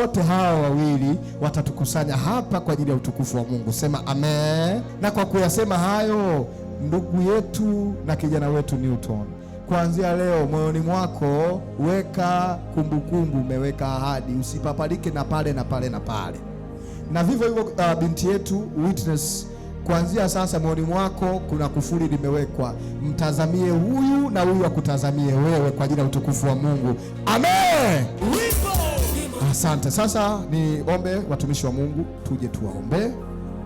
wote hawa wawili watatukusanya hapa kwa ajili ya utukufu wa Mungu. Sema amen. Na kwa kuyasema hayo, ndugu yetu na kijana wetu Newton, kuanzia leo moyoni mwako weka kumbukumbu, umeweka ahadi, usipapalike na pale na pale na pale. Na vivyo hivyo, uh, binti yetu Witness kuanzia sasa moyoni mwako kuna kufuli limewekwa, mtazamie huyu na huyu akutazamie wewe, kwa ajili ya utukufu wa Mungu. Amen. Asante. Sasa niombe watumishi wa Mungu tuje tuwaombee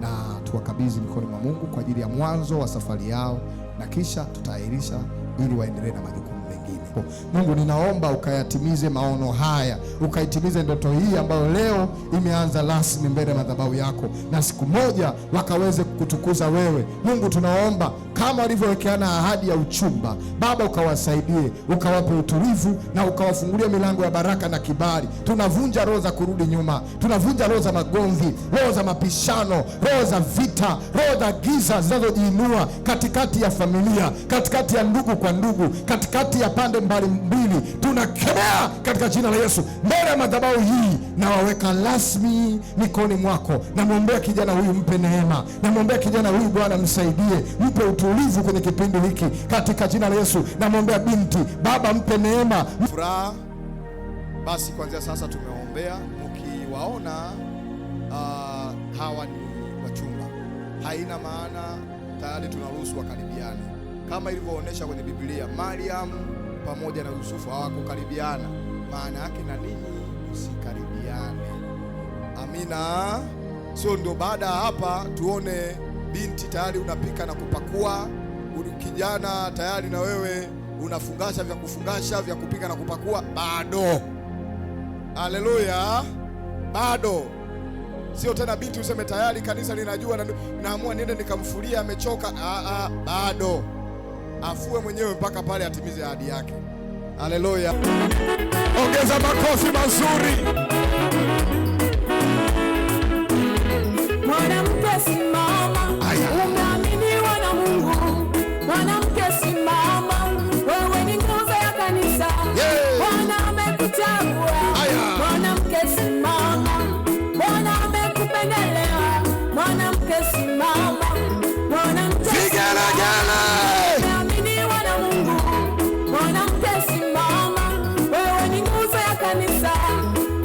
na tuwakabidhi mikononi mwa Mungu kwa ajili ya mwanzo wa safari yao, na kisha tutaahirisha ili waendelee na majukumu mengine yako. Mungu, ninaomba ukayatimize maono haya, ukaitimize ndoto hii ambayo leo imeanza rasmi mbele ya madhabahu yako, na siku moja wakaweze kukutukuza wewe. Mungu, tunaomba kama walivyowekeana ahadi ya uchumba, Baba, ukawasaidie, ukawape utulivu na ukawafungulia milango ya baraka na kibali. Tunavunja roho za kurudi nyuma, tunavunja roho za magomvi, roho za mapishano, roho za vita, roho za giza zinazojiinua katikati ya familia, katikati ya ndugu kwa ndugu, katikati ya pande mbali mbili tunakemea katika jina la Yesu. Mbele ya madhabahu hii nawaweka rasmi mikoni mwako. Namwombea kijana huyu, mpe neema. Namwombea kijana huyu, Bwana msaidie, mpe utulivu kwenye kipindi hiki katika jina la Yesu. Namwombea binti, Baba mpe neema, furaha. Basi kuanzia sasa tumewaombea, mkiwaona uh, ah, hawa ni wachumba, haina maana tayari tunaruhusu wakaribiane kama ilivyoonyesha kwenye Biblia Mariam pamoja na Yusufu hawakukaribiana, maana yake na ninyi msikaribiane. Amina, sio ndio? Baada ya hapa tuone binti tayari unapika na kupakua, kijana tayari na wewe unafungasha vya kufungasha vya kupika na kupakua, bado. Haleluya, bado sio tena binti useme tayari kanisa linajua na naamua niende nikamfulia, amechoka. Ah, ah bado afue mwenyewe mpaka pale atimize ahadi yake. Haleluya, ongeza makofi mazuri.